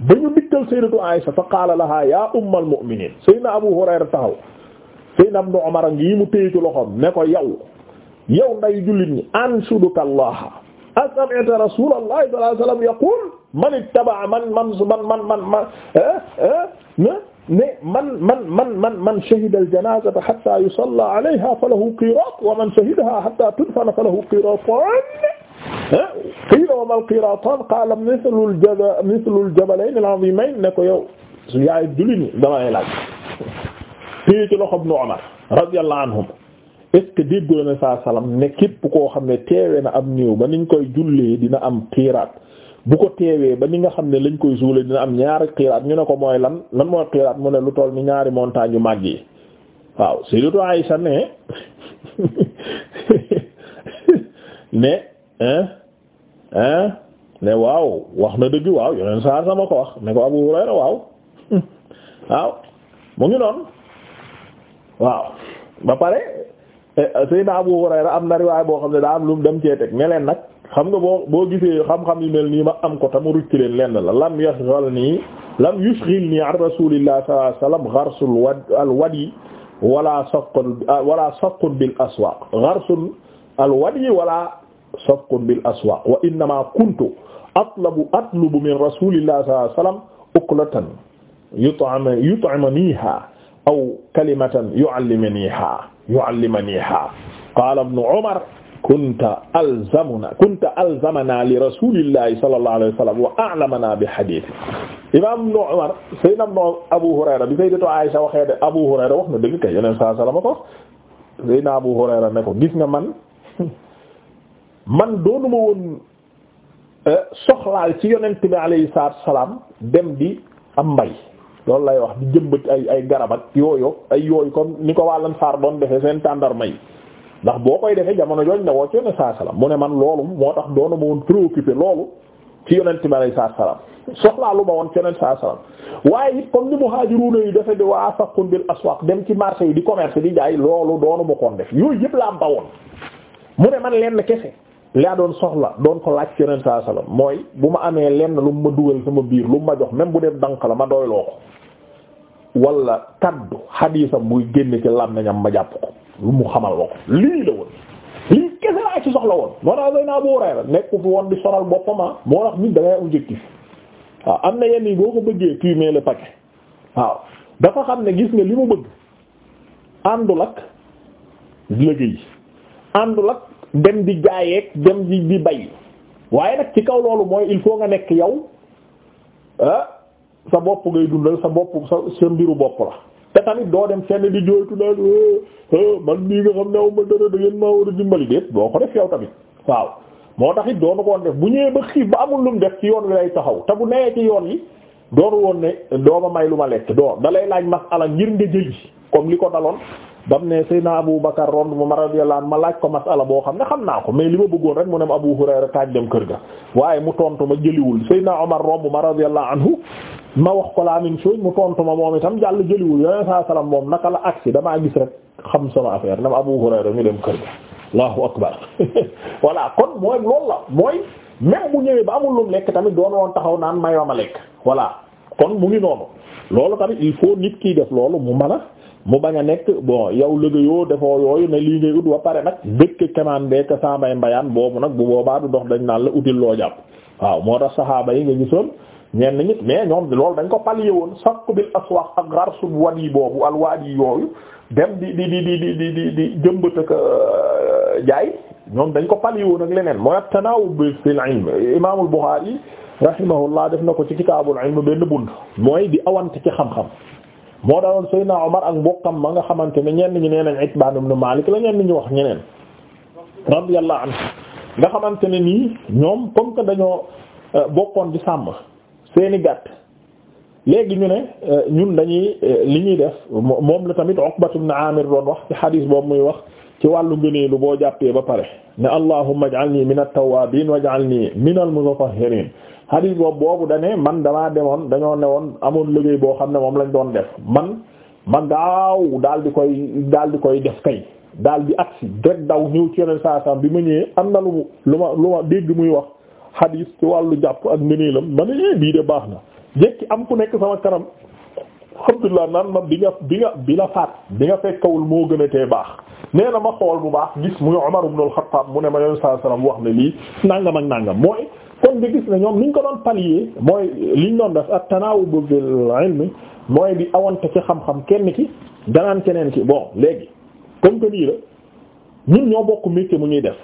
ba ñu dikkal sayyidatu Aisha fa qaala laha ya ummal mu'minin sayyidina Abu Hurayra taxaw sayyidina Ibnu Umar a ngi mu téye ci loxoom ne ko yow yow nday jullit ñi anshuduka Allah asami'ta rasulallahi sallallahu alayhi wasallam yaqul man ittaba'a man man man man man eh, eh, ne man man man man man shahida al-janazata hatta yusalla alayha falahu qirat wa man shahidaha hatta tudfana falahu qiratan qiila wa mal qiraatan qaala mislul jabal mislul jabalayni al-aziimayni ne ko yow su yaay duli ni damay laaj téye ci loxo Ibnu Umar radiyallahu anhum est-ce que déggu ne saa salaam ne képp koo xam ne teewee na am néew ba niñ koy jullee dina am qiraat bu ko teewee ba ni nga xam ne lañ koy suulee dina am ñaari qiraat ñu ne ko mooy lan lan mooy qiraat mu ne lu toll ni ñaari montagne yu mag yi waaw Sayyidatu Aisha ne ne hein ne waaw wax na dëgg waaw yeneen saa sama ko wax ne ko Abu Hurayra waaw waaw mu ngi noonu waaw ba pare eh, Seydina Abu Hurayra am na riwaay boo xam ne daa am lu dem cee teg ne nag xam nga boo boo gisee xam-xam yu mel nii ma am ko tamu rucc leen lenn la lam yashghal nii lam yushghil nii an rasuulillah sallallahu alayhi wasallam gharsul wad al wadi wala saqqun ah, wala saqqun bil aswaq gharsul al wadi wala safqun bil aswaq wa innama kuntu atlabu atlubu min rasulillahi sallallahu alayhi wa sallam uqlatan yut'ama yut'imaniha aw kalimatan yu'allimaniha yu'allimaniha qala ibnu umar kunta alzamuna kunta alzamana li rasulillahi sallallahu alayhi wa sallam wa a'lamana bi hadithi imam ibnu umar sayyidina abu hurayra bi sayyidatu aisha waxee de abu hurayra wax na dëgg kay yeneen sallallahu alayhi wa sallam ko sayyidina abu hurayra ne ko gis nga man man doonuma woon euh, soxlaal ci yonent bi alayhi salaatu salaam dem di am mbay loolu lay wax di jëmbat ay ay garab ak yooyu ay yooyu comme ni ko wàllan saar doon defee seen tàndarma yi ndax boo koy defee jamono jooñ ne woo ci yonent saa salaam mu ne man loolu moo tax doonuma woon préoccupé loolu ci yonent bi alayhi salaatu salaam soxlaalu ma woon ci yonent saa salaam waaye it comme ni muhaajiruuna yi defe di waa fakkun bil aswaq dem ci marché yi di commerce di jaay loolu doonuma koon def yooyu yëpp laa am ba woon mu ne man lenn kese laa doon soxla doon ko laaj yonent saa sallam mooy bu ma amee lenn lu ma dugal sama biir lu ma jox même bu dee dank la ma doyloo ko wala kaddu xadiisam buy génn ci làmmiñam ma jàpp ko lu mu xamal ko lii la woon lii kese laa ci soxla woon moo tax Seydina ah objectif waaw am na yenn yi boo ko bëggee fumier le paquet waaw dafa xam ne gis nga li mu bëgg àndul ak liggéey àndul ak dem di jaayeeg dem di di bay waaye nag ci kaw loolu mooy il faut nga nekk yow ah, sa bopp ngay dundal sa bopp sa sa mbiru bopp la te tamit doo dem fenn di jooytu daal eh, eh, man mii nga xam ne aw ma dara da ngeen dimbali déet boo ko def yow tamit waaw moo tax it doonu koon def bu ñëwee ba xiif ba amul lum def ci yoon wi lay taxaw te bu newee ci yoon yi doonu woon ne doo ma may lu ma lekk doo da lay laaj masala ngir nga jëli comme li ko daloon bam ne Seydina Abu Bakar rond mu ma radiyallahu anhu ma laaj ko masala boo xam ne xam naa ko mais li ma bëggoon rek mu ne ma Abu Hurayra taaj dem kër ga waaye mu tontu ma jëliwul Seydina Omar romb ma radiyallahu anhu ma wax ko la même chose mu tontu ma moom itam jàll jëliwul yoneen saa salaam moom naka la agsi damaa gis rek xam sama affaire nam Abu Hurayra ñu dem kër ga allahu akbar voilà kon mooy loolu la mooy même mu ñëwee ba amul lum lekk tamit doon woon taxaw naan mayoo ma lekk voilà kon mu ngi noonu loolu tamit il faut nit kiy def loolu mu bañ a nekk bon yow liggéeyoo defoo yooyu ne lii ngay ut ba pare nag dëkk kemaan beek saa mbay mbayaan boobu nag bu boobaa du dox dañ naan la util loo jàpp waaw moo tax saxaaba yi nga gisoon ñenn ñi mais ñoom loolu dañ ko pallier woon sakku bil aswaq ak xarsu yi boobu al yi yooyu dem di di di di di di di di jëmbat ak euh, jaay ñoom dañ ko pallier woon ak leneen mooy ak tanaawub fil ilm imaamul Buxaari rahimahullah def na ko ci kitaabul ilm benn bunt mooy di awante ci xam moo daloon Seydina Omar ak mbokkam ma nga xamante ne ñenn ñi nee nañ Itbaan ibn Maalik la ñenn ñi wax ñeneen radiyallahu anhu nga xamante ne nii ñoom comme que dañoo euh, bokkoon di sàmm seeni gàtt léegi ñu ne euh, ñun dañuy euh, li ñuy def moom la tamit Uqbatu ibn Aamir doon wax ci xadiis boobu muy wax ci wàllu lu boo jàppee ba pare ne allahumma ij'alni min at-tawwabin waj'alni min al-mutatahhirin hadith boobu boobu dane man damaa demoon dañoo ne woon amoon liggéey boo xam ne moom lañ doon def man ma gaaw daal di koy daal di koy def kay daal di agsi rek daw ñëw ci yeneen saa bi ma ñëwee am na lu lu ma lu ma dégg muy wax hadith ci wàllu jàpp ak ngëneelam ma ne eh, bii de baax na jekki am ku nekk sama kanam Abdullah naan ma bi nga bi nga bi la bi nga fekkawul moo gën a te baax nee na ma xool bu baax gis muy Umar ibn al mu ne ma yonent sallallahu alayhi wasallam wax ne lii nangam ak nangam mooy kon bi gis ne ñoom niñ ko doon pallier mooy liñ doon def ak tanaawub bil ilmi mooy di awante ci xam-xam kenn ki danaan keneen ki bon léegi comme que nii la ñun ñoo bokk métier mu ñuy def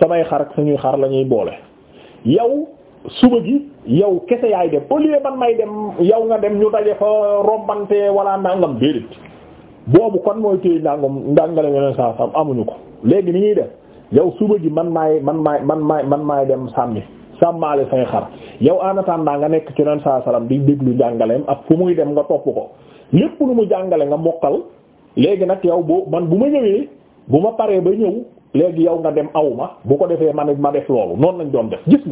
samay xar ak suñuy xar la ñuy boole yow suba gi yow kese yaay dem au man may dem yow nga dem ñu daje fa rombante wala nangam déedéet boobu kon mooy téye ndàngam ndàngale yeneen saa sam amuñu ko léegi ni ñuy def yow suba gi man maay man maay man maay man maay dem sàmmi sàmmaale say xar yow en attendant nga nekk ci yeneen saa salaam di déglu njàngaleem ak fu muy dem nga topp ko lépp lu mu jàngale nga mokkal léegi nag yow boo man bu ma ñëwee bu ma paree ba ñëw léegi yow nga dem aw bu ko defee man ma def loolu noonu lañ doon def gis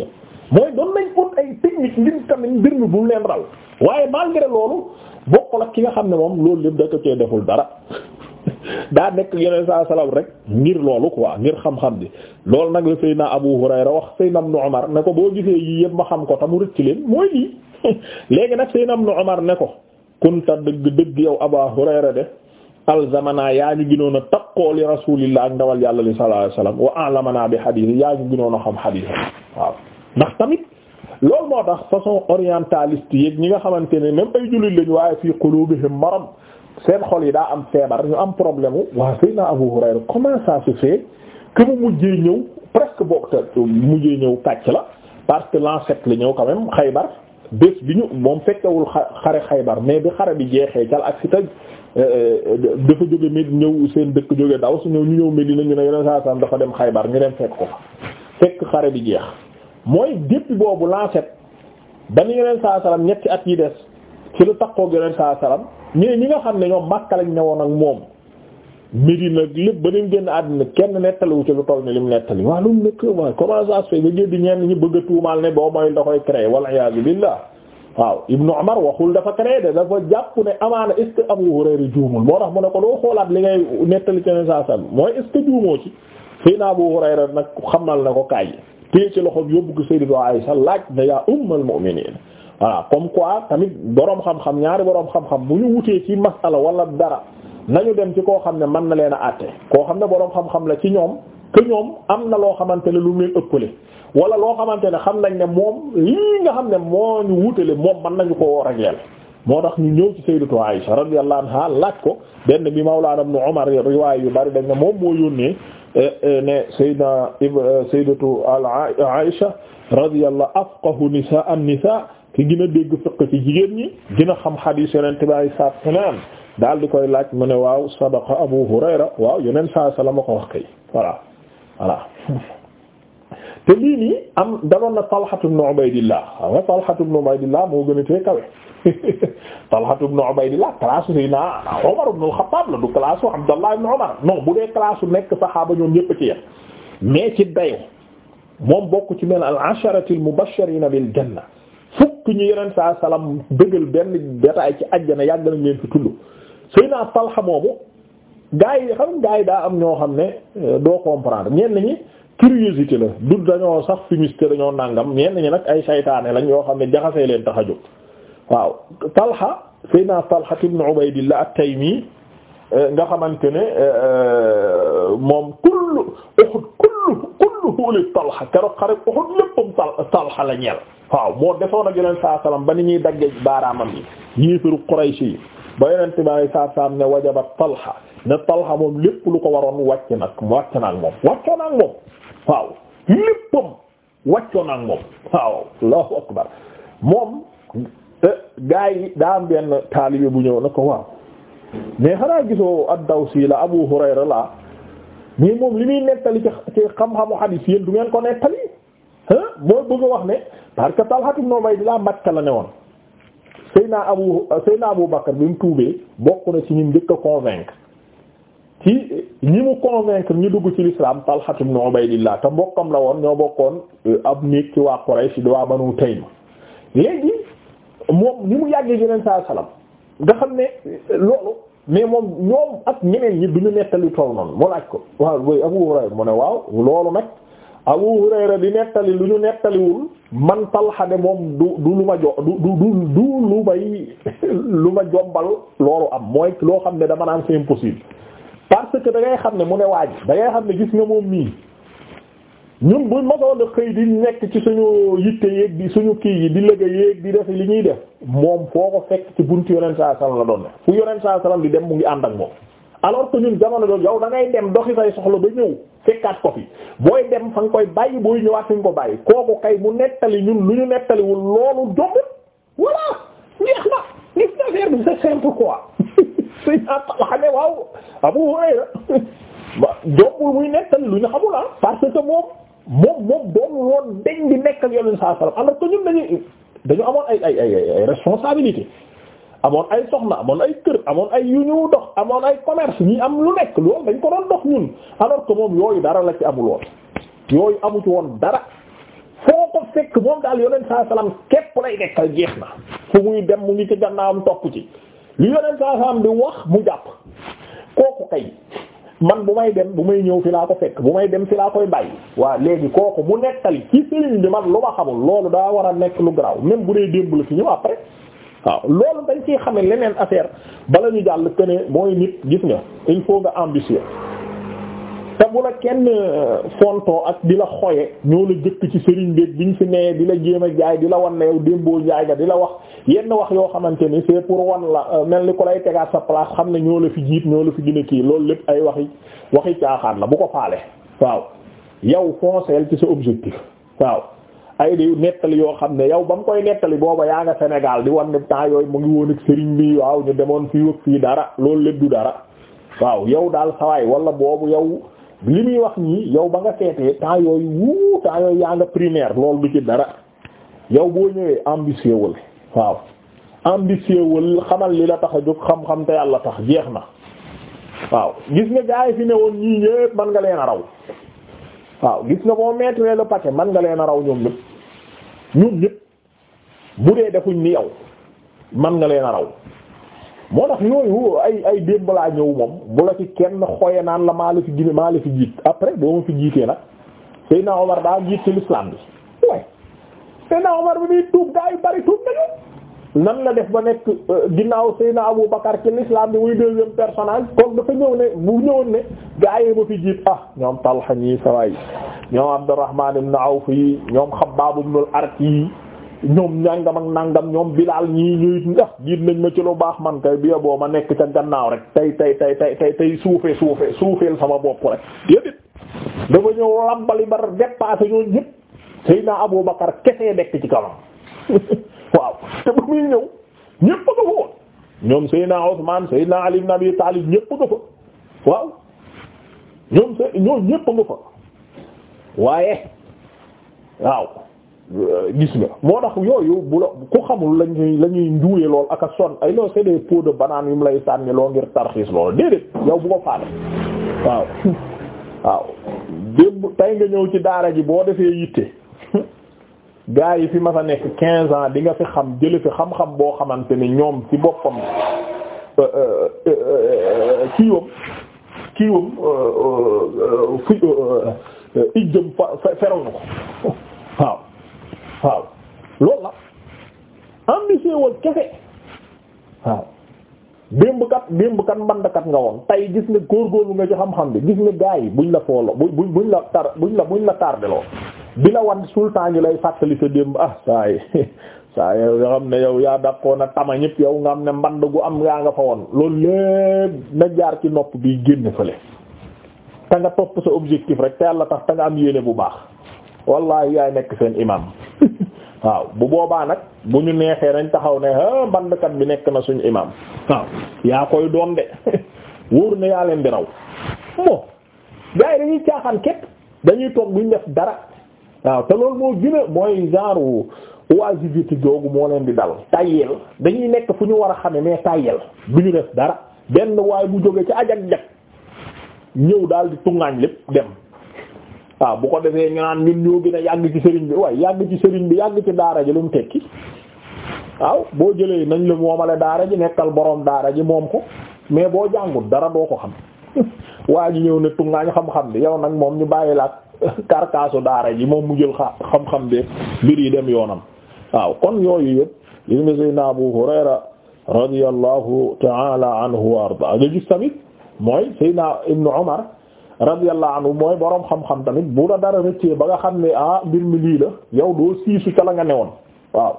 mooy doon nañ ut ay technique ngir tamit bu mu leen waaye malgré loolu bokkul ki nga xam ne moom loolu deful dara daa nekk yeneen saa rek ngir loolu quoi ngir xam-xam bi loolu nag la Seydina Abu Hurayra wax Seydina Ibn Umar ne ko boo gisee yii yëpp ma xam ko tamu rëcc leen mooy lii léegi nag Seydina Ibn Umar ne ko kunta dëgg dëgg yow Abu Hurayra de alzamana yaa ñu gënoon a takkoo li Rasulillah ak ndawal yàlla li sallallahu alayhi wasallam wa alamana bi hadith yaa ñu gënoon a xam hadith waaw ndax tamit loolu moo tax façon orientaliste yéeg ñi nga xamante ne même ay jullit lañu waaye fii qulubihim marad seen xol yi daa am feebar ñu am problème u waaw sëy naa Abu Hurayra comment su fait que mu mujjee ñëw presque boog te mujjee ñëw kàcc la parce que l'an sept la ñëw quand même Xaybar bés bi ñu moom fekkewul xa xare Xaybar mais bi xare bi jeexee jal ak si taj euh, euh, dafa jóge Médine ñëw seen dëkk jóge daw su ñëw ñu ñëw Médine ñu ne yeneen saa saa dafa dem Xaybar ñu dem ko fa xare bi jeex mooy depuis boobu lancet dañu yeneen saa salaam ñetti at yi des ci lu takkoog yeneen saa salaam mais ñi nga xam ne ñoom Makka lañ newoon ak moom Medina lépp ba nim génn àddina kenn nettaliwu ci lu toll ni mu nettali waa lu nekk waaye comment ça nga géddi ñenn ñi bëgg a tuumaal ne boo mooy da koy créé walla iyaazu billaah waaw Ibnu Umar waxul dafa créé de dafa jàpp ne amaana est-ce que Abu Hurayra juumul moo tax mu ne ko doo xoolaat li ngay nettali ci yeneen mooy est-ce que juumoo ci Seydina Abu Hurayra nag xamal téye ci loxoom yóbbu ko Sayyidatu Aisha laaj ne yaa ummul mu'minin voilà comme quoi tamit boroom xam-xam ñaari boroom xam-xam bu ñu wutee ci masala wala dara nañu dem ci koo xam ne man na leen a àtte koo xam ne boroom xam-xam la ci ñoom que ñoom am na loo xamante ne lu mu leen ëppale wala loo xamante ne xam nañ ne moom lii nga xam ne moo ñu wutale moom mën nañu koo régler moo tax ñu ñëw ci sayyidatu Aisha radiyallahu anha laaj ko benn bi mawlaana ibn Umar riwaay yu bari dañ ne moom moo yónnee eh, eh, ne sayyida eh, sayyidatu Aisha radiyallahu afqahu nisaa an-nisaa ki gën dégg fiqh ci jigéen ñi gën a xam hadiis Yonent bi ay saaf naan daal di koy laaj mu ne waaw sadaqa Abu Hurayra waaw yeneen saa salaam a ko wax kay voilà voilà. te lii nii am daloon na Talha ibn Ubaydillah xam nga Talha ibn Ubaydillah moo gën a tee kawe Talha ibn Ubaydillah classe Seydina Umar ibn al-Khattab la du classe u Abdallah ibn Umar non bu dee classe nekk saxaaba ñoom ñëpp ci yem mais ci dayo moom bokk ci mel al-asharati al-mubashshirina bil janna fukk ñu yeneen saa salaam dëggal benn détail ci àjjana yàgg nañ leen fi tudd Seydina Talha moomu gaa yi xam gaa yi daa am ñoo xam ne euh, doo comprendre ñenn ñi. curiosité la du dañoo sax fumiste dañoo nàngam ñenn ñi nag ay saytaane lañ yoo xam ne jaxasee leen tax a jóg waaw Talha Seydina Talha ibn Ubaydillah at-Taymi eh, nga xamante ne eh, eh, moom kullu Uhud kullu kulluhu li Talha keroog xare Uhud léppam Talha la ñeel waaw moo defoon ak yeneen saa ba ni ñuy daggee baaraamam yi yéefaru Quraysh yi ba yeneen tibaay saa saam ne wajaba Talha ne Talha moom lépp lu ko waroon wàcc nag wàcc na moom wàccoon waaw léppam wàccoon ak moom waaw allahu akbar moom eh, gaa yi daa am benn taalibe bu ñëw na ko waaw mais xanaa gisoo ad-Dawsi la Abu Hurayra la mais moom li muy nettali ci xam-xamu xadiis yéen du ngeen ko nettali mooy bëgg wax ne parce que Talha ibn Ubaydillah Makka la ne woon Seyna Abu Seyna Abu Bakar bi mu tuubee bokk na ci ñun njëkk a convaincre ci ñi mu convaincre ñi dugg ci l'islam Talha ibn Ubaydillah te mbokkam la woon ñoo bokkoon euh, ab néeg ci waa Quraysh di waa Banu Taym léegi moom ñi mu yàggee geneen saa salaam nga xam ne euh, loolu mais moom ñoom ak ñeneen ñi duñu nettali toll noonu mu laaj ko waaw booy Abu Hurayra mu ne waaw loolu nag Abu Hurayra di nettali lu ñu nettaliwul man Talha moom du du lu ma jo du du du lu may lu ma jombal loolu am mooy loo xam ne dama naan c'est impossible parce que da ngay xam ne mu ne waaj da ngay xam ne gis nga moom nii ñun buñ masoon a xëy di nekk ci suñu yitte yéeg di suñu kii yi di liggéey yéeg di def li ñuy def moom foo ko fekk ci buntu yonent saa salaam la doon ne fu yonent saa salaam di dem mu ngi ànd ak moom. alors que ñun jamono doon yow da ngay dem doxi say soxla ba ñëw fekkaat ko fi booy dem fa nga koy bàyyi booy ñëwaat fi nga ko bàyyi kooku kay mu nettali ñun lu ñu nettaliwul loolu jombut voilà jeex na gis nga affaire bi c'est sëy naa Talha ne waaw Abu Hurayra doppul muy nekkal lu ñu xamul ah parce que moom moom moom doonul woon dañ di nekkal Yonent saa salaam alors ñun dañuy dañu amoon ay ay ay ay responsabilité amoon ay soxna amoon ay kër amoon ay yu ñu dox amoon ay commerce ñi am lu nekk loolu dañ ko doon dox ñun alors ko moom yooyu dara la ci amul woon yooyu amu ci woon dara foo ko fekk moom daal Yonent saa salaam képp lay nekkal jeex na fu muy dem mu ngi ci gannaawam topp ci. li yoneen saa saam bi wax mu jàpp kooku kay man bu may dem bu may ñëw fi laa ko fekk bu may dem fi laa koy bàyyi waaw léegi kooku mu nettali ci sëriñ bi man lu ma xamul loolu daa war a nekk lu graaw même bu dee démb la fi ñëw après waaw loolu dañ ciy xame leneen affaire bala ñu jàll que ne mooy nit gis nga il faut nga ambitieux te bu la kenn euh, fontoo ak di la xoye ñoo la jëkk ci sëriñ bi biñ fi nee di la jéem a jaay di la wan na yow démboo jaay di la wax yenn wax yoo xamante ni c'est pour wan la euh, mel ni ku lay tegaat sa place xam ne ñoo la fi jiit ñoo la fi gën kii loolu lépp ay waxi waxi caaxaan la bu ko faale waaw yow fonceel ci sa objectif waaw ay di nettali yoo xam ne yow ba mu koy nettali booba yaa nga Sénégal di wan ne temps yooyu mu ngi woon ak sëriñ bi waaw ñu demoon fii ak fii dara loolu lépp du dara waaw yow daal sawaay wala boobu yow li muy wax nii yow ba nga seetee temps yooyu wuu temps yooyu yaa nga primaire loolu du ci dara yow boo ñëwee ambitieux wul waaw ambitieux wul xamal li la tax a jóg xam-xam te yàlla tax jeex na waaw gis nga gaay fi ne woon ñii ñëpp mën nga leen a raw waaw gis nga boo mettre le paquet mën nga leen a raw ñoom ñëpp ñoom ñëpp bu dee defuñ ni yow mën nga leen a raw moo tax yooyu ay ay démb laa ñëw moom bu la ci kenn xooye naan la maa la fi gine maa la fi jiit après boo ma fi jiitee nag Seydina Omar daa jiit ci l'islam bi waaye Seydina Omar bi muy tuub gaa yu bari tuub nañu nan la def ba nekk euh, ginnaaw Seydina Abu Bakar ci l'islam bi muy deuxième personnage kon dafa ñëw ne bu ñëwoon ne gaa yi ma fi jiit ah ñoom Talha ñii sawaay ñoom Abdurrahman ibn Awf yi ñoom xam ibn al-Ark yi ñoom nangam ak nangam ñoom bilaal ñii ñuy ndax jiit nañ ma ci lu baax man kay bi boo ma nekk ca gannaaw rek tey tey tey tey tey tey suufe suufe suufeel sama bopp rek déedéet dafa ñëw lambali bar dépassé ñooñu ñëpp Seydina Abu Bakar kese nekk ci kanam waaw te ñëw ñëpp nga fa woon ñëpp nga fa waaw ñoom se ñoom ñëpp nga fa waaye waaw gis nga moo tax yooyu bu la ku xamul lañuy la ñuy njuuye lool ak a son ay loolu c'est des pots yu mu lay sànni loo ngir tarxiis loolu déedéet yow bu ko faale waaw waaw démb tey nga ñëw ci daara ji boo defee yitte gaa yi fi ma sa nekk quinze ans di nga fi xam jële fi xam-xam boo xamante ni ñoom ci boppam euh, euh, euh, kiiwam kiiwam fi ijjëm fa ko waaw waaw loolu la ambitieux woon kese waaw démbkat kat démb kat mbandkat nga woon tey gis nga góorgóorlu nga ci xam-xam bi gis nga gars yi buñ la fooloo bu buñ la tar bu la buñ la tardeloo bi la wan sultan ñu lay fàttali sa démb ah saa yi saa yi nga xam ne yow yaa dàqoon a tama ñëpp yow nga am ne mband gu am yaa nga fa woon loolu lépp na jaar ci nopp bi génn fële te nga topp sa objectif rek te yàlla tax te nga am yéene bu baax. wallahi yaay nekk seen imam waaw bu boobaa nag bu ñu neexee dañ taxaw ne ah bandkat bi nekk na suñu imam waaw yaa koy doon de wóor na yaa leen di raw bon gars yi dañuy caaxaan képp dañuy toog duñ def dara waaw te loolu moo gën mooy genre oisiveté googu moo leen di dal tayyel dañuy nekk fu ñu war a xame mais tayyel du ñu def dara benn waay bu jóge ci ajak jak ñëw daal di tungaañ lépp dem waaw bu ko defee ñu naan ñun ñoo gën a yàgg ci sëriñ bi waaye yàgg ci sëriñ bi yàgg ci daara ji lu mu tekki waaw boo jëlee nañ la moomale daara ji nekkal boroom daara ji moom ko mais boo jàngul dara doo ko xam waa ji ñëw ne tungaañ xam-xam bi yow nag moom ñu bàyyi la karkaasu daara ji moom mu jël xam-xam bi mbir yi dem yoonam waaw kon yooyu yëpp gis nga Seydina Abu Hurayra radiyallahu ta'ala anhu arda nga gis tamit mooy Seydina Ibnu Umar radiyallahu anhu mooy boroom xam-xam tamit bu la dara rëccee ba nga xam ne ah mbir mi lii la yow doo siisu ca la nga newoon waaw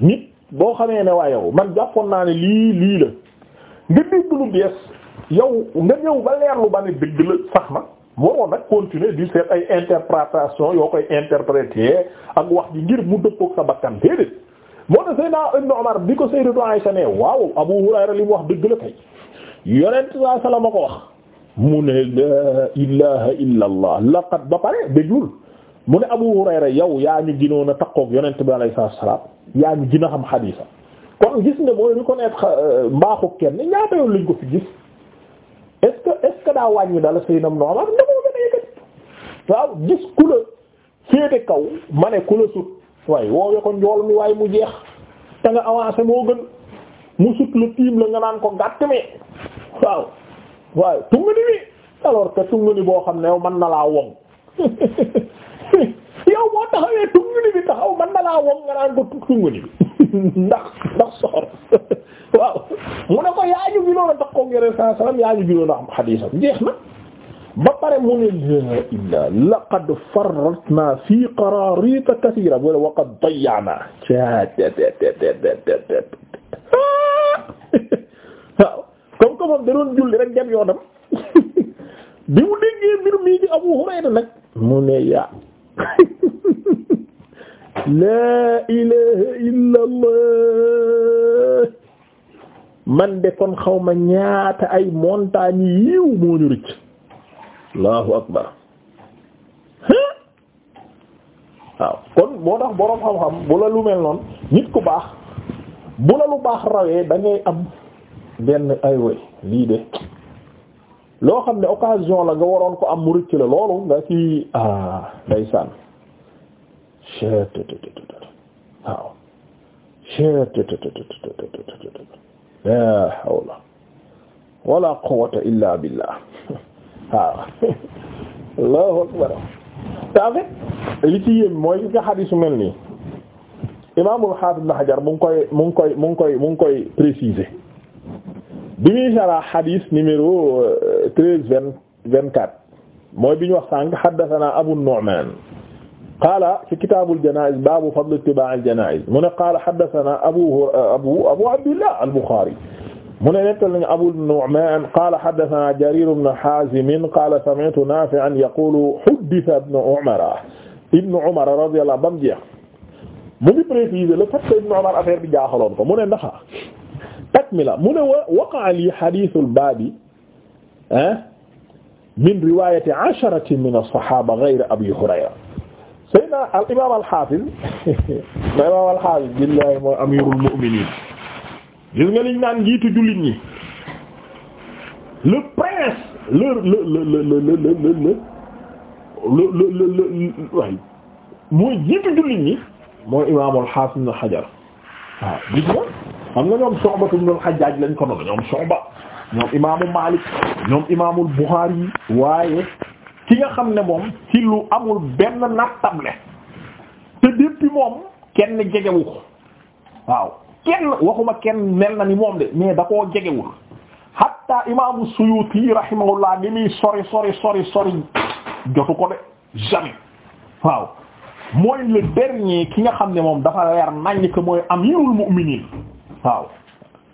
nit boo xamee ne waa yow man jàppoon naa ne lii lii la nga dégg lu bees yow nga ñëw ba leerlu ba ne dëgg la sax na waroon nag continuer di seet ay interprétation yoo koy interpréter ak wax ji ngir mu dëppook sa bakkan déedéet moo tax Seydina Ibn Umar bi ko Sayyidatu Aisha ne waaw Abu Hurayra li mu wax dëgg la kay yonent sallallahu alayhi wasallam ko wax mu ne laa ilaha illa allah laqad ba pare déglul mu ne Abu Hurayra yow yaa ñu ginoon a takkoog yonent bi alayhi salaam yaa ñu gën a xam xadiisa kon gis nga booy reconnaître euh, mbaaxu kenn ñaata yoon lañ ko fi gis est ce daa wàññi dala sëy nam noamar ndamoo gën a yëkkat waaw gis ku la féete kaw ma ne ku la sut waaye woowe ko njool mi waaye mu jeex te nga avancé moo gën mu sut la tiim la nga naan ko gàtt mi waaw waaye tungani bi alors que tungani boo xam ne yow mën na laa wom yow boo taxawee tungani bi taxaw mën na laa wom nga ko tungani bi ndax ndax soxor waaw mu ne ko yaa ñu a taxaw yore saa salaam yaa ñu gënoon a na. ba pare mu ne laa illaa laqad farratna fi qararita kathira wala wa qad dayya'na waaw comme que moom da doon julli rek dem yoonam bi mu déggee mbir mii di Abu Hurayra nag mu ne yaa laa ilaaha illallah man de kon xaw ma ñaata ay montagne yiw moo ñu rëcc allahu akbar waaw kon boo tax boroom xam-xam bu la lu mel noonu nit ku baax bu la lu baax rawee da am benn ay way lii de loo xam ne occasion la nga waroon ko am mu rëcc la loolu nga ci ah ndeysaan waaw wala quwwata illa billah waaw allahu akbar te en li ci yéem mooy nga xadiisu mel nii imaamul xaafis na xajar mu ngi koy mu ngi koy mu koy mu ngi koy préciser bi muy sarah xadiis numéro euh, treize vingt vingt quatre mooy bi ñu wax sànq xaddasanaa abu nu'maan qaala ci kitaabul janaa'iz baabu fadl ittibaa'il janaa'iz mu ne qaala xaddasanaa abu euh, abu abu abdillah al-Buxaari mu ne nettal nañu abu nu'maan qaala xaddasanaa jariir ibn haazim qaala sami'tu naafi'an yaquulu huddisa ibnu umara ibnu umara radiyallaahu anhu ba mu jeex mu ngi préciser le fait que ibnu umar affaire bi jaaxaloon ko mu ne ndax takmila mu ne wa waqa'a li hadithul baabi min riwaayati asharati min as-sahaaba ghayra abi hurayra sayyidina al imaam al haafiz ma imaam al haafiz billahi mooy amiirul mu'miniin gis nga liñ naan njiitu jullit ñi le prince le le le le le le le le le waaye mooy njiitu jullit ñi mooy imaamul haafiz ibn hajar waaw gis nga xam nga ñoom Shu'batu ibn al-Hajjaj lañ ko doon ñoom Shu'ba ñoom imaamu Malik ñoom imaamul Bukhari waaye ki nga xam ne moom ci lu amul benn nattable te depuis moom kenn jegewu ko waaw kenn waxuma kenn mel na ni moom de mais da koo jegewul hatta imaamu Suyuti rahimahullah ni muy sori sori sori jotu ko de jamais waaw mooy le dernier ki nga xam ne moom dafa weer nañ que mooy amirul mu'minin waaw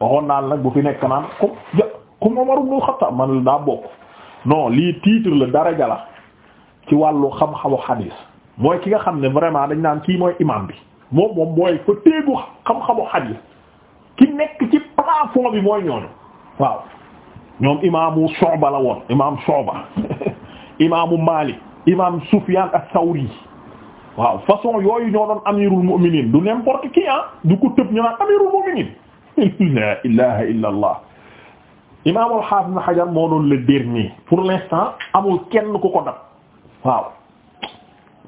waxoon naa nag bu fi nekk naan comme ja comme Umar ibn Khattab man daa bokk non lii titre la daraja la ci wàllu xam-xamu xadiis mooy ki nga xam ne vraiment dañ naan kii mooy imam bi moom moom mooy fa téegu xam-xamu xadiis ki nekk ci plafond bi mooy ñooñu waaw ñoom sooba Shu'ba la woon imam Shu'ba imaamu Maalik imam Sufyaan as-Sawri waaw façon yooyu ñoo doon amirul mu'minin du n'importe qui ah du ko tëb ñu naan amirul mu'minin la ilaha illa allah imam al moo doon le dernier pour l'instant amul kenn ku ko dab waaw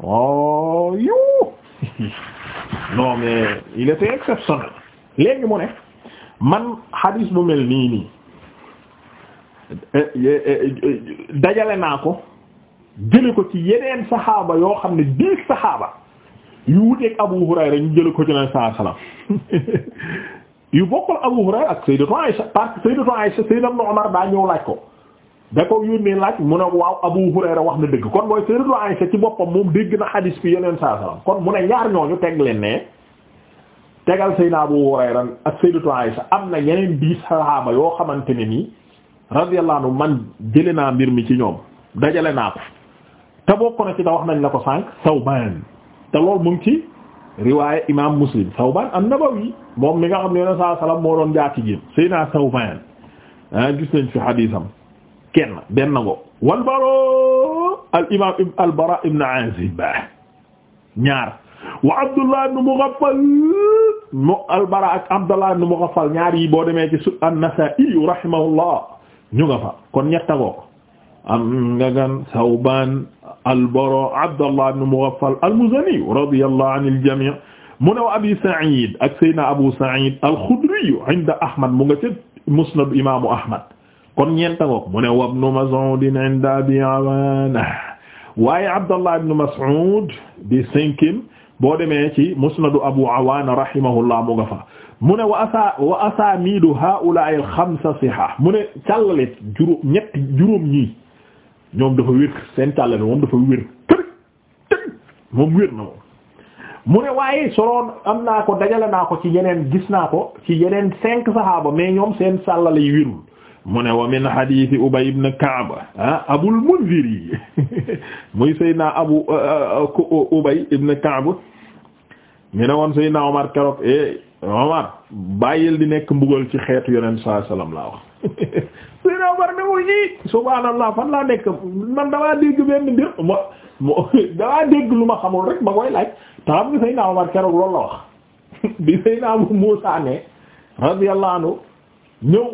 oh yow non mais il était exceptionnel léegi mu ne man hadis bu mel nii nii eh, eh, eh, dajale naa ko jële ko ci yeneen saxaaba yoo xam ne dix saxaaba yu wuteeg Abu Hurayra ñu jële ko ci leen saa salaam yu bokkul Abu Hurayra ak Sayyidatu Aisha parce que Sayyidatu Aisha Sayyidatu Umar daa laaj ko da ko yónnee laaj mu ne wax na dëgg kon mooy Sayyidatu ci boppam moom dégg na xadiis bi yeneen saa salaam kon mu ne ñaar ñooñu teg leen ne tegal Sayyidina Abu Hurayra ak Sayyidatu Aisha am na yeneen dix saxaaba yoo xamante ni nii radiyallahu anhu man jële naa mbir mi ci ñoom dajale naa ko. te bokk na ci da wax nañ la ko sànq Sawbaan te loolu mu ngi ci riwaaya imaam Muslim Sawbaan an-Nabawi moom mi nga xam ne yoneen saa salaam moo doon jaati gi Seydina Sawbaan ah gis nañ fi xadiisam kenn benn ngo wal Baraa al imaam al Baraa ibn Aazib ñaar wa Abdullah ibn Mughaffal mu al Baraa ak Abdullah ibn Mughaffal ñaar yi boo demee ci an-Nasaa'i rahimahullah ñu nga fa kon ñett a am nga gan Sawbaan al-Baraa Abdallah ibn Mughaffal al-Muzani radiyallahu anil jamii' mu ne wa Abi Saïd ak Seydina Abu Saïd al-Khudri inda Ahmad mu nga ca Musnad imaamu Ahmad kon ñeent ak mu ne wa ibn Mas'ud inda Abi Awaana waaye Abdallah ibn Mas'ud di cinquième boo demee ci Musnadu Abu Awaana rahimahullah mu nga fa mu ne wa asa wa asaaniidu haa'ulaa'i al-xamsa sihah mu ne càllale juróom ñetti juróom ñi ñoom dafa wér seen càllale moom dafa wér kër moom wér na moom mu ne waaye soroon am naa ko dajale naa ko ci yeneen gis naa ko ci yeneen cinq saxaaba mais ñoom seen sàllale yi wérul mu ne wa min hadith Ubay ibn Ka'b ah Abul Munzir yi muy Seydina Abu uh, uh, uh, Ubay ibn Ka'b ñu ne woon Seydina Omar keroog eh Omar bàyyil di nekk mbugal ci xeetu yeneen saa laa wax Seydina fan laa nekk man damaa dégg benn mbir ma ma damaa dégg lu ma xamul rek ma koy laaj taxam nga Seydina Omar keroog loolu la wax bi Seydina Abu Muusaa ne radiyallahu anhu ñëw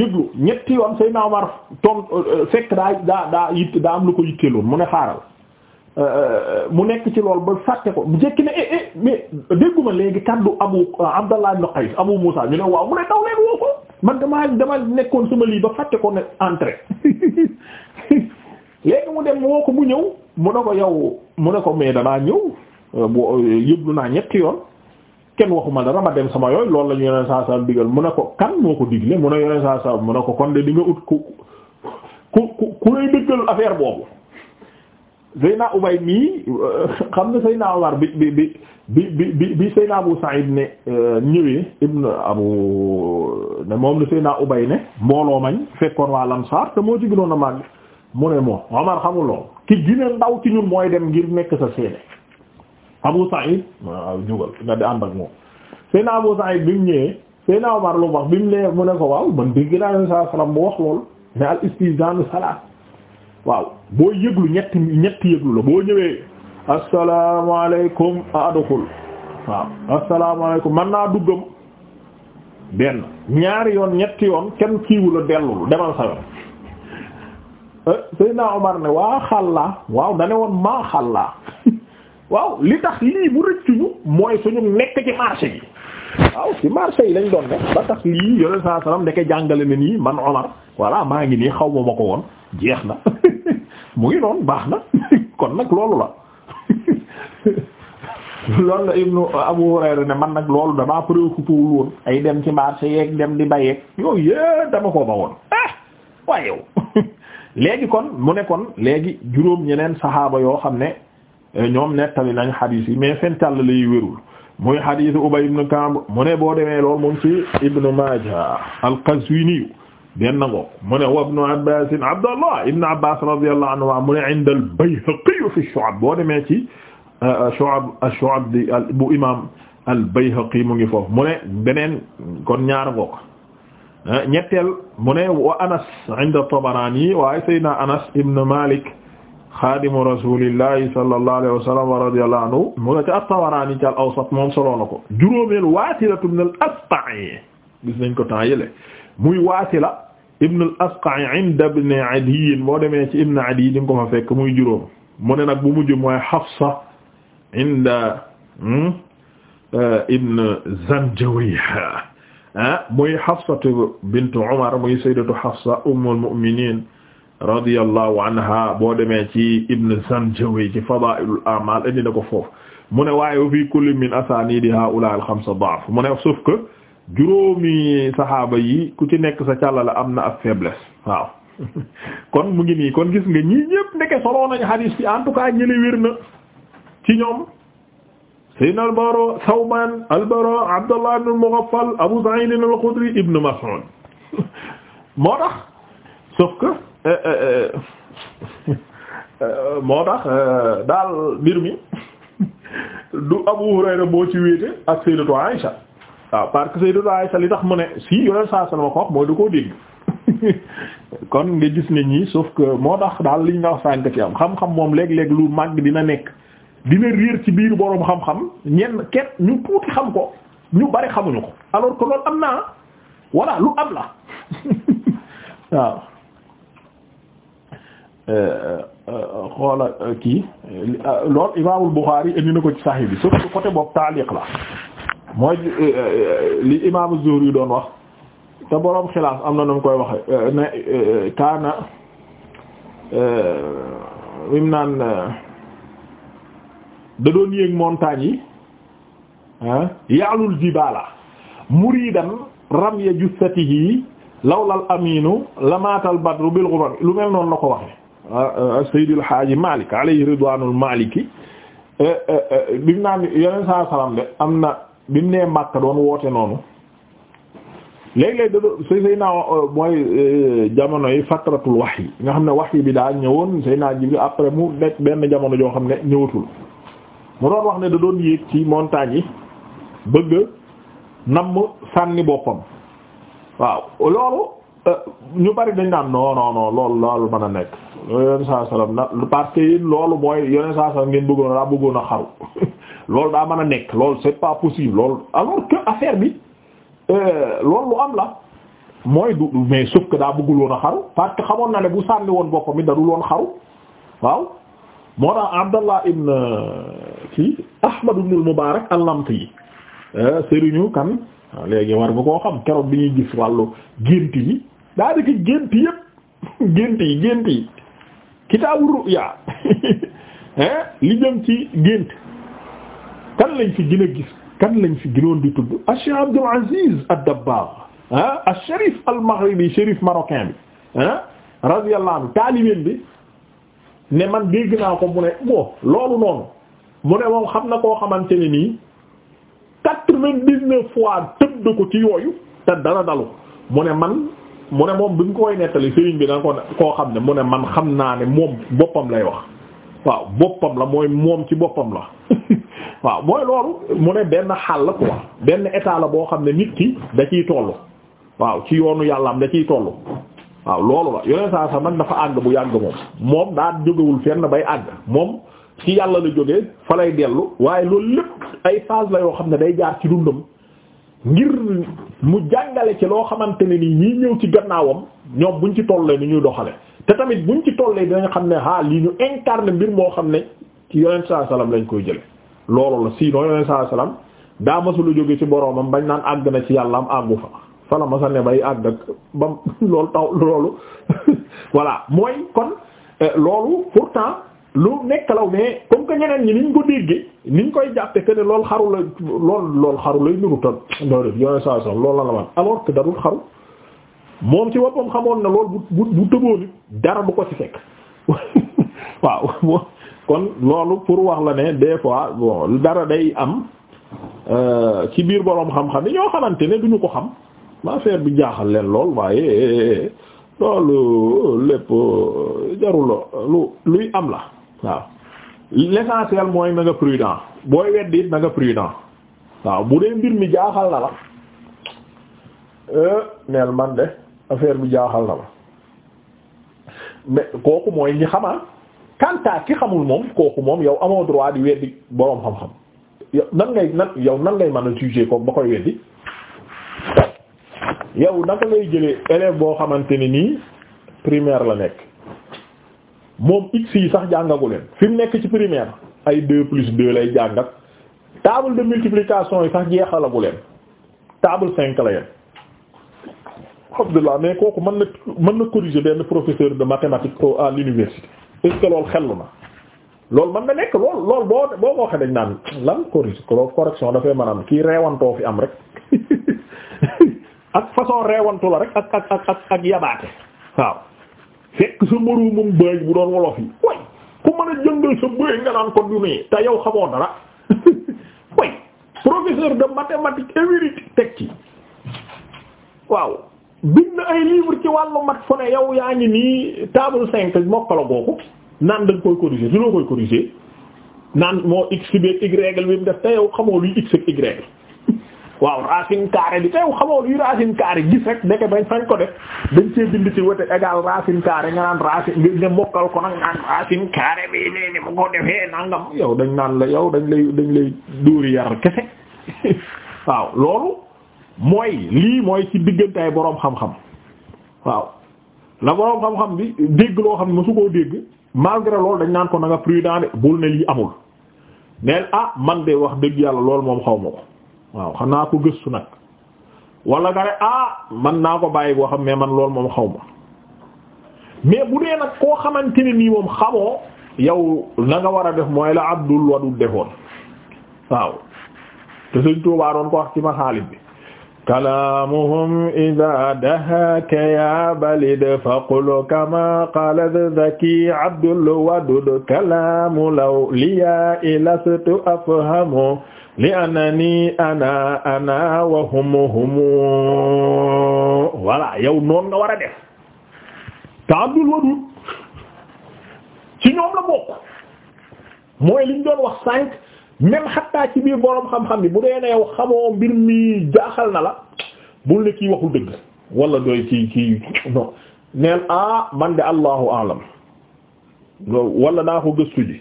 yëglu ñetti yoon Seydina Omar tom euh, euh, fekk daa daa daa yitt daa am lu ko yitteeloon mu ne xaaral euh, mu nekk ci lool ba fàtte ko bu jekki ne eh eh mais dégguma léegi kaddu Abu Abdallah Abu Muusaa ñu ne waaw mu ne daw leen woo ko man damaa dama nekkoon sama lii ba fàtte ko ne entrée léegi mu dem woo ko mu ñëw mu ne ko yow mu ne ko mais danaa ñëw euh, boo euh, yëglu naa ñett yoon kenn waxuma dara ma dem sama yooyu lool la ñu yoneen saa saa digal mun ne ko kan moo ko digle mu ne yoneen saa saa mu ne ko kon de di nga ut ku ku ku lay dëggal affaire boobu. Seyna Ubay mii euh, xam nga Seyna Umar bi bi bi bi bi bi Seyna Abu Sa'id ne euh, ñëwee ibn ne moom la Seyna Ubay ne mbooloo mañ fekkoon waa Ansaar te moo ci gënoon a màgg mu ne moom Umar xamul lool ki gina ndaw ci ñun mooy dem ngir nekk sa seede Abu Sa'id waaw jógal nga di ànd ak moom Seyna Abu Sa'id mu wax bi mu ne mu ne ko waaw man dégg naa Seyna Salaam bu wax lool ne al istizanu salat waaw boo yëglu ñetti ñetti yëglu la boo ñëwee asalaamaaleykum a adoxul waaw asalaamaaleykum man naa duggam benn ñaari yoon ñetti yoon kenn kiiwula dellul demal sa yoon eh, Seydina Omar ne waa xàllaa waaw dane woon maa xàllaa waaw li tax lii bu rëccuñu mooy suñu nekk ci marché bi waaw ci marché yi lañ doon ne ba tax lii yoneen saa salaam ndeke jàngale na nii man Omar voilà maa ngi nii xaw ma ma ko woon jeex na mu ngi noon baax na kon nag loolu la loolu la ibnu Abu Hurayra ne man nag loolu damaa préoccupé wul woon ay dem ci marché yeeg dem di bayeeg yooyu yëpp dama ko ba woon ah waaye yow léegi kon mu ne kon léegi juróom ñeneen saxaaba yoo xam ne eh, ñoom nettali nañ xadiis yi mais seen càll lay wérul muy hadith Ubay ibn Ka'b mu ne boo demee lool mu ngi ci Ibn Majah al-Qazwini benn ngo mu ne wa Ibn Abbas Abdullah ibn Abbas radiyallahu anhu mu ne inda al-Bayhaqi fi ash-Shu'ab boo demee ci euh, Shu'ab ash-Shu'ab di bu imam al-Bayhaqi mu ngi foofu mu ne beneen kon ñaar ngo euh, ñetteel mu ne wa Anas inda Tabarani waaye Sayyidina Anas ibn Malik xaadimu rasulillahi sallallahu alayhi wa sallam wa radiyallahu anhu mu nga ca at-Tabarani ca al-Awsat moom solo na ko juróomeel Waasilatu ibn al-Asqa'i gis nañ ko temps yële muy Waasila ibn al-Asqa'i inda ibn Adiy boo demee ci ibn Adiy di nga ko fa fekk muy juróom mu ne nag bu mujj mooy Hafsa inda hmm, eh, ibn Zanjawiha ah, muy Hafsatu bint Umar muy sayyidatu Hafsa ummul mu'minin radiyallahu anha boo demee ci Ibn Zanjawi ci Fadaa'ilul A'maal indi na ko foofu mu ne waaye wa fii kulli min asaaniidi haa'ulaa'i al-xamsa mu ne sauf juróomi saxaaba yi ku ci nekk sa càllala am na ab faiblesse waaw kon mu ngi nii kon gis nga ñii ñëpp ndeke soloo nañ xadiis bi en ñële wér ci ñoom sayyidina al-Baraa Sawbaan Abdullah ibn al Abu Sa'iid al Ibn Mas'ud moo tax sauf Euh, euh, euh. moo tax daal mbir mi du Abu Hurayra boo ci wéete ak Sayyidatu Aïsha waaw parce que Sayyidatu Aïsha li tax mu ne si yoneen saa salama ko wax mooy du koo dégg kon nga gis ne ñii sauf que moo tax daal liñ nga wax sànk ci am xam-xam moom léeg-léeg lu màgg dina nekk dina réer ci biir boroom xam-xam ñenn kenn ñu tuuti xam ko ñu bari xamuñu ko alors que loolu am naa voilà lu am la waaw Euh, euh, euh, xoola kii loolu imaamul Buxaari indi na ko ci Sahih bi surtout côté boobu taaliq la mooy li imaamu Zuhri doon wax te boroom xilaas am na nu koy waxe ne kaana mim naan da doon yéeg montagnes yi ah yaalul jibaala muridan ramya jussatihi lawlal aminu lamaatal badru bil ghurab lu mel noonu la ko waxe Seydi El Hadji Malick alayhi ridwaanul Maliki eh, eh, eh, bimu naan yeneen saa salaam de am na bimu nee Makka doon woote noonu léeg-léeg da doon naa mooy jamono yi wax wahyi nga xam ne wax wahyi bi daa ñëwoon Seydina Jibril après mu nekk benn jamono joo xam ne ñëwatul mu doon wax ne da doon yéeg ci montagne yi bëgg namm sànni boppam waaw loolu Euh, ñu bari dañ naan non lool non loolu mën a nekk yoneen saa na parce que loolu mooy yoneen saa salaam ngeen bëggoon daa bëggoon a xaru loolu daa mën a nekk lool set pas possible lool alors que affaire bi euh, loolu lu am la mooy du mais sauf que daa bëggul woon a xaru parce que xamoon na ne bu sànni woon boppam mi da dul woon xaru waaw moo tax Abdallah ibn euh, kii Ahmad ibn al-Mubarak al-Lamti sëriñu kan léegi war nga koo xam keroog bi ñuy gis wàllu gént yi daa dëkk gént yëpp gént yi gént yi kitaabu ru'ya hein li jëm ci gént kan lañ fi gën a gis kan lañ fi gënoon di tudd Cheikh Abdul Aziz ad-Dabbagh ah ash al-Maghribi Sharif marocain bi ah radiyallahu anhu taalibeen bi ne man dégg naa ko mu ne loolu noonu mu ne moom xam na koo xamante ne nii quatre-vingt-dix-neuf fois tëdd ko ci yooyu te dara dalu mu ne man mu ne moom bi mu koy nettali sëriñ bi danga ko koo xam ne mu ne man xam naa ne moom boppam lay wax waaw boppam la mooy moom ci boppam la waaw mooy loolu mu ne benn xàll quoi benn état la boo xam ne nit ki da ciy toll waaw ci yoonu yàllaam da ciy toll waaw loolu la yoneen saa sax nag dafa àgg bu yàgg moom moom daa jógewul fenn bay àgg moom ci yàlla la jóge fa lay dellu waaye loolu lépp ay phase la yoo xam ne day jaar ci dundam ngir mu jàngale ci loo xamante ne ni ñii ñëw ci gannaawam ñoom buñ ci tollee ni ñuy doxale te tamit buñ ci tollee dinañ xam ne ah lii ñu incarne mbir moo xam ne ci yonent saa lañ koy jële loolu la sinon yonent saa salaam daa masula jóge ci boroomam bañ naan àgg na ci yàlla am àggu fa fala masa ne bay àgg ak bam loolu taw loolu voilà mooy kon eh, loolu pourtant lu nekk law mais comme que ñeneen ñi niñ ko déggee niñ koy jàppe que ne xaru la lool xaru lay nuru tan loolu yone saa loolu la la man alors que darul xaru moom ci boppam xamoon na lool bu bu bu tëboon dara bu ko ci fekk waaw kon loolu pour wax la ne des fois bon dara day am euh, ci biir boroom xam-xam yi xamante ne duñu ko xam ma feer bi jaaxal leen lool waaye eh, eh, eh, loolu lépp euh, jarul lu luy am la. waaw l'essentiel mooy na nga prudent booy weddi it prudent waaw bu dee mbir mi jaaxal na la euh, neel man de affaire bi jaaxal la mais kooku mooy ñi xamaa ah, kantaa ki xamul moom kooku moom yow amoo droit di weddi boroom xam-xam yow nan ngay nan yow nan ngay mën a juger ko ba koy weddi yow naka ngay jëlee élève boo xamante ne nii primaire la nekk moom x yi sax jàngagu leen fi mu nekk ci primaire ay deux plus deux lay jàngat table de multiplication yi sax jeexalagu leen table cinq la yem Abdullah mais kooku mën na mën na corriger benn professeur de mathématiques pro à l'université est-ce que loolu xellu na loolu man na nekk lool loolu boo boo ko waxee naan lan corriger loolu correction dafay mën am kii reewantoo fi am rek ak façon reewantu la rek ak ak ak yabaate waaw fekk sa moroom moom bëy bu doon wolof yi way ku mën a jëngal sa bëy nga naan ko dunee te yow xamoo dara way professeur de mathématiques émérite teg ci waaw bind na ay livre ci wàllu mat fu ne yow yaa ngi nii table cinq mokkala gooku naan dañ koy corriger du loo koy corriger naan moo x bi ak y bi mu def te yow xamoo luy x ak y waaw racine carrée bi tey xamoo luy racine carrée gis rek ndeke bañ fañ ko def dañ cee bind ci wete égal racine carrée nga naan racine nga mokkal ko nag naan racine carrée bi nii ni mu ko defee nangam yow dañ naan la yow dañ lay dañ lay dóori yar kese waaw loolu mooy lii mooy ci diggantaay boroom xam-xam waaw la boroom xam-xam bi dégg loo xam ne mësu koo dégg malgré lool dañ naan ko na nga prudent de bul ne lii amul neel ah man de wax dëgg yàlla loolu moom xaw ma ko waaw xanaa ko gëstu nag wala nga ne ah man naa ko bàyyi boo xam mais man loolu moom xaw ma mais bu dee nag koo xamante ne nii moom xamoo yow la nga war a def mooy la Abdul Wadud defoon waaw te Sëriñ Tuubaa doon ko wax ci masaalib bi kalaamuhum idaa dahaaka yaa balid faqul kamaa qaala zaki abdul wadud kalaamu law liya ilastu afhamu li anani ana ana wa hum hum voilà yow noonu nga war a def te abdul wadud ci ñoom la bokk mooy liñ doon wax sànq. même xattaa ci biir boroom xam-xam bi bu dee ne yow xamoo mbir mi jaaxal na la bul ne kii waxul dëgg wala doy kii kii non ah man de allahu alam wala naa ko gëstu ji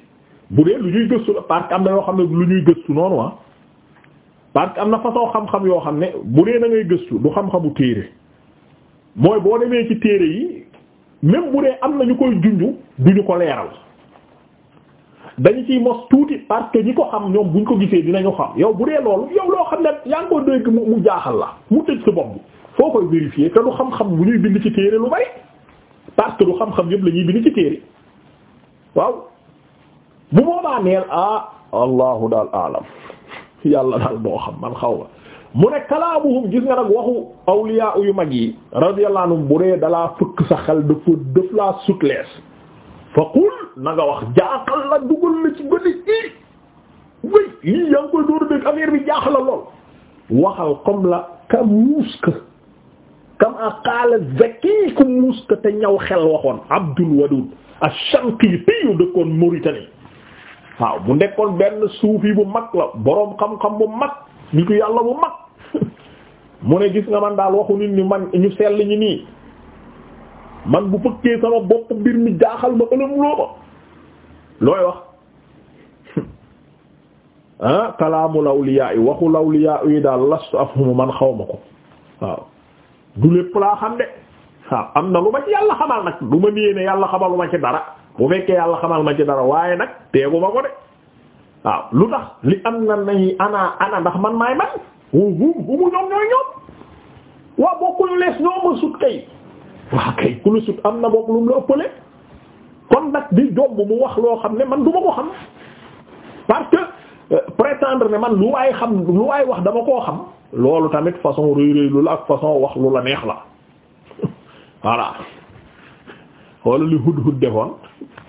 bu dee lu ñuy gëstu la parce am na yoo xam ne lu ñuy gëstu noonu ah parce am na façon xam-xam yoo xam ne bu dee na ngay gëstu du xam-xamu téere mooy boo demee ci téere yi même bu dee am na ñu koy junju du ñu ko leeral dañu ciy mos tuuti parce que ñi ko xam ñoom buñ ko gisee dinañu xam yow bu dee loolu yow loo xam ne yaa ngi ko dégg mu jaaxal la mu tëj sa bopp foo koy vérifier te du xam-xam bu ñuy bind ci téere lu bari parce que du xam-xam yëpp la ñuy bind ci téere waaw bu boobaa neel ah allahu daal alam yàlla daal boo xam man xaw ma mu ne kalaamuhum gis nga nag waxu awliya yu mag yi radiyallahu anhum bu dee dalaa fëkk sa xel dafa daf laa sutlees fa qul na wax jaaxal la dugal na ci gone ii wéy yii yaa ngi koy dóor a dégg bi jaaxal la lool waxal comme la ka muus ka kam a qaala zaki ku muus ka te ñaw xel waxoon Abdul Wadud ash-Shanqiti dëkkoon Mauritanie waaw bu nekkoon benn suufi bu mag la boroom xam-xam bu mag nitu yàlla bu mag mu ne gis nga man daal waxu nit ñi man ñu sell ñi nii man bu fëkkee sama bopp mbir mi jaaxal ma ëllëg loo ma looy wax ah kalaamu lawliyaa yi waxu lawliyaa yi daal lastu afhumu man xaw ma ko waaw du lépp laa xam de waaw am na lu ma ci yàlla xamal nag du ma niyee ne yàlla xamal ma ci dara bu fekkee yàlla xamal ma ci dara waaye nag teegu ma ko de waaw lu tax li am na nañu ana ana ndax man maay man wu wu wu ñoom ñooy ñoom waa bokkuñu lees ñoom ma sut kay waa kay ku am na boog lu mu la ëppale kon nag di jomb mu wax loo xam ne man duma ko xam parce que euh, prétendre ne man lu ay xam lu ay wax dama koo xam loolu tamit façon rëy rëy lu la ak façon wax lu la neex la voilà wala li hudhud defoon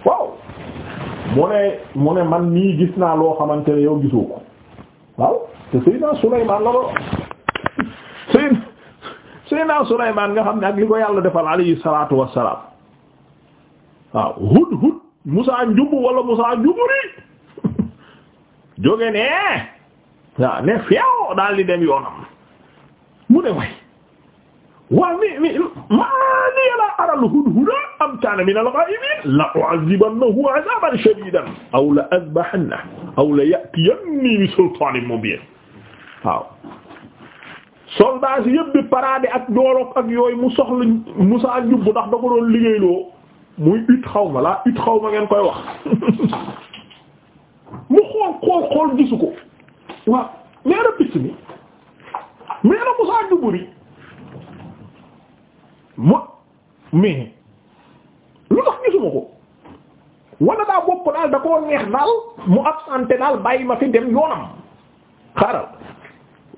waaw mu ne mu ne man nii gis naa loo xamante ne yow gisoo ko waaw te Seydina Sulaymaan la doon Seydina Sulaymaan nga xam ne ak li ko yàlla defal alayhi salaatu wassalaam waaw hut hut Musaa njubu wala Musaa njuburi jóge ne waaw ne feew daal di dem yoonam mu ne way waa mi mi maa liya laa ara al-hudhuda am kaana mina al-ghaa'ibiin la u'azzibannahu 'azaaban shadiidan aw la azbahannahu aw la ya'tiyanni bi sultaanin mubiin waaw soldats yi yëpp ak dooloog ak yooyu mu soxla Musa ak ndax da ko doon liggéeyloo muy ut xaw ma laa ut xaw ma ngeen koy wax mu xool xool xool gisu ko waaw meera picc mi meera Musa ak jubbu ri mo mais lu tax gisuma ko wala daa bopp daal da koo neex daal mu absenté daal bàyyi ma fi dem yoonam xaaral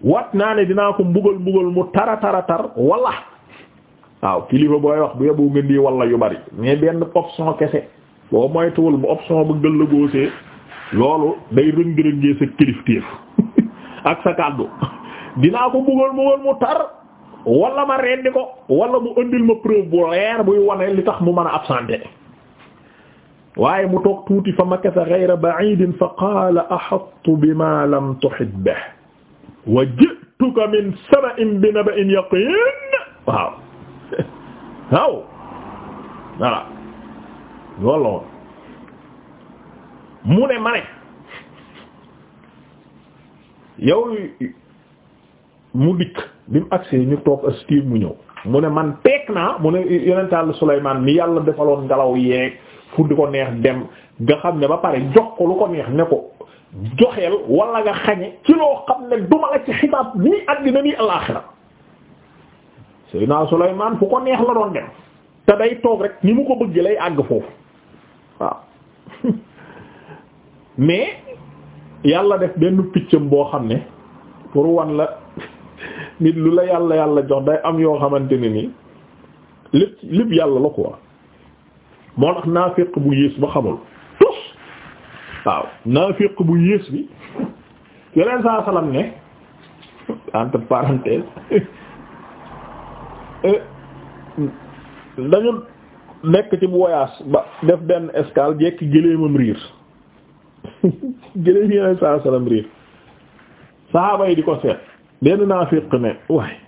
wat naa ne dinaa ko mbugal mbugal mu tara tara tar wala waaw kilifa booy wax bu yeboo ngeen di yu bari mais benn option kese boo moytuwul bu option bu gën la góosee loolu day rëng-rëngee sa kilifteef ak sa kàddu dinaa ko mbugal mbugal mu tar wala ma rendi ko wala mu andil ma preuve bu leer buy wane li tax mu mën a absenté waaye mu toog tuuti fa makasa ghayra ba'idin fa qaala ahattu bima lam tuhit bihi wa ji'tuka min saba'in bi naba'in yaqin waaw waaw voilà loolu la woon mu ne ma yow mu dikk bi mu agsee ñu toog astir mu ñëw mu ne man peek naa mu ne yonentaal Sulaymaan mi yàlla defaloon ngelaw yee fu di ko neex dem nga xam ne ba pare jox ko lu ko neex ne ko joxeel wala nga xañe ci loo xam ne duma la ci xibaab nii àddina nii alaaxira Seydina Sulaymaan fu ko neex la doon dem te day toog rek ni mu ko bëgg lay àgg foofu waaw mais yàlla def benn piccam boo xam ne pour wan la nit lu la yàlla yàlla jox day am yoo xamante ne nii lépp lépp yàlla la quoi moo tax naafiq bu yées ba xamul waaw naafiq bu yées bi yeneen saa salaam ne entre parenthèses euh, dañu nekk ci voyage ba def benn escale jekk gëléemam riir gëléem yeneen saa salaam riir saxaaba yi di ko seet benn naafiq ne waaye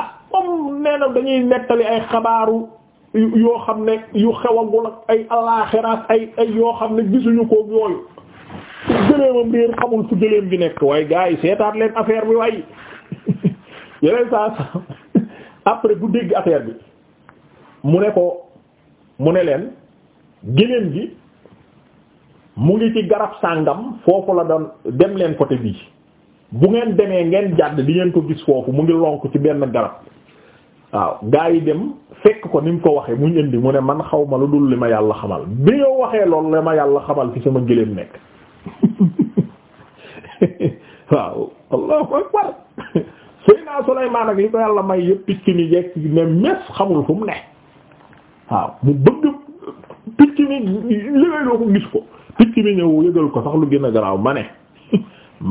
ah moom nee dañuy nettali ay xabaaru yoo xam ne yu xewagul ak ay alaaxiraat ay ay yoo xam ne gisuñu ko yooyu gëléemam réer xamul fu gëléem bi nekk waaye gaa yi seetaat leen affaire bi waaye yeneen saa saa après bu dégg affaire bi mu ne ko mu ne leen gëléem gi mu ngi ci garab sàngam foofu la doon dem leen côté bii bu ngeen demee ngeen jàdd di ngeen ko gis foofu mu ngi lonk ci benn garab waaw gaa yi dem fekk ko ni ko waxee muñ indi mu ne man xaw ma lu dul li ma yàlla xamal bi nga waxee loolu la ma yàlla xamal fi sama gëléem nekk waaw allahu akbar Seydina Sulaymaan ak li ko yàlla may yëpp picc mi jekk ne mes xamul fu mu ne waaw mu bëgg picc mi léeg ko gis ko picc mi ñëw yëgal ko sax lu gën a garaaw ma ne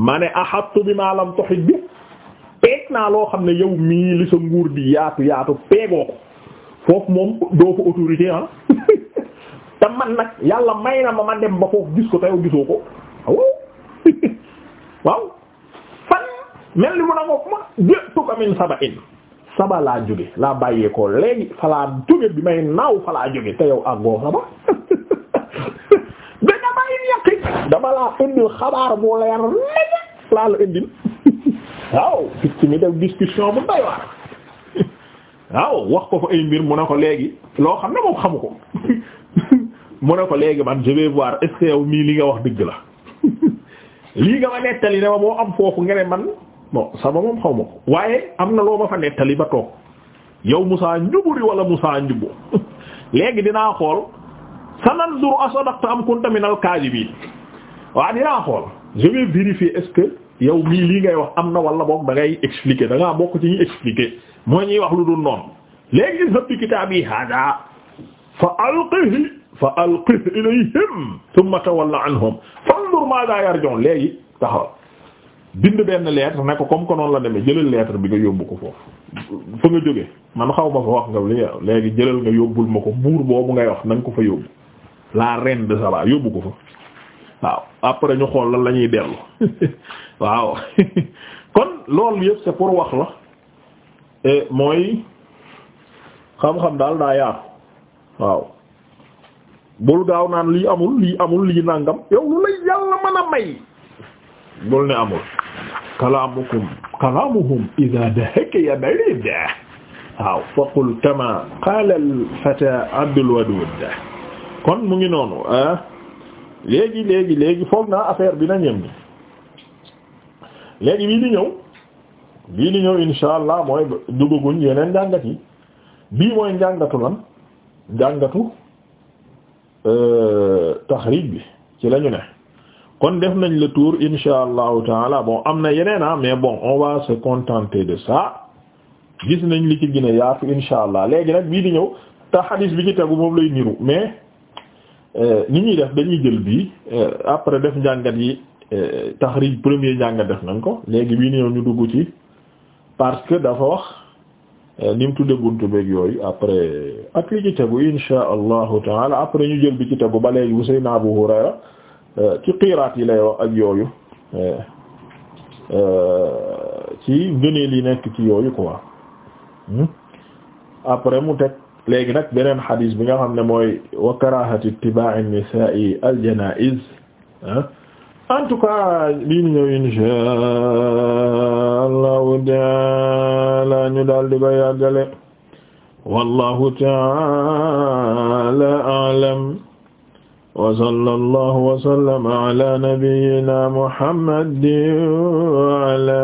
ma ne ahattu bi ma lam bi teg naa loo xam ne yow mii li sa nguur di yaatu yaatu peegoo ko foofu moom doo ko autorité ah. te man nag yàlla may na ma ma dem ba foofu gis ko te yow gisoo ko ah, waaw fan mel ni mu ne ma jëttu ko min saba in saba laa jóge laa bàyyee léegi fa laa jóge bi may naaw fa laa jóge te yow àggoo saba ba dama in dama laa indil xabaar bu leer léegi laa la indil waaw picc mi def discussion bu doy waar waaw wax ko ko ay mbir mu ne ko léegi loo xam ne moom xamu ko mu ne ko léegi man je vais voir est-ce mii li nga wax dëgg la lii nga ma nettali ne ma moo am foofu nga ne sama moom xaw ma waaye am na loo ma fa nettali ba toog yow Musaa njuburi wala Musaa njubu léegi dinaa xool sananzuru asadaqta am kunta minal kaadibiin waaw dinaa xool je vérifier est yow mii lii ngay wax am na wala boog da ngay expliquer da ngaa bokk ci ñuy expliquer mooy ñuy wax lu dul noonu léegi gis nga bi kitaab yi hada fa alqihi fa alqih ilayhim thumma tawalla anhum fanzur ma da yarjun léegi taxaw bind benn lettre ne ko comme que noonu la deme jëlal lettre bi nga yóbbu ko foofu fa nga jógee man xaw ma fa wax nga li léegi jëlal nga yóbbul ma ko buur boobu ngay wax na nga ko fa yóbbu la reine de yóbbu ko fa waaw après ñu xool lan la ñuy dellu waaw kon loolu yëpp c'est pour wax la mooy xam-xam daal daa yaatu waaw bul gaaw naan lii amul lii amul lii nàngam yow lu la yàlla mën a may bul ne amul kalaamukum kalaamuhum idaa dahakiya balid waaw faqul kama qaala al fata Abdul Waduud kon mu ngi noonu ah. léegi léegi léegi foog naa affaire bi na ñem ni léegi bii di ñëw bii di ñëw insha allah mooy dugaguñ yeneen njàngat yi bii mooy njàngatu lan njàngatu euh, taxrij bi ci lañu ne kon def nañ le tour insha allahu taala bon am na yeneen a ah, mais bon on va se contenter de ça gis nañ li ci gën a yaatu insha allah léegi nag bii di ñëw te xadiis bi ci tegu moom lay niru mais Euh, ni ñuy def dañuy jël bii euh, après def njàngat yi euh, taxrij premier njàngat def nañ ko léegi bii ni ñu dugg ci parce que dafa wax ni mu tudde buntu beeg yooyu après ak li ci tegu insha allahu taala après ñu jël bi ci tegu ba léegi Seydina Abu Hurayra ci qiraat yi lay wax ak yooyu ci ngëneel yi nekk ci yooyu quoi hmm? après mu teg léegi nag beneen xadis bi nga xam ne mooy wa karahati ittiba'i nisa'i al janaiz ah, en tout cas lii ñu ñëw inshaa Allahu taala ñu daal di ko yàggale wallahu taala a'lam wa sallallahu wa sallama ala nabiyyina muhammadin wa ala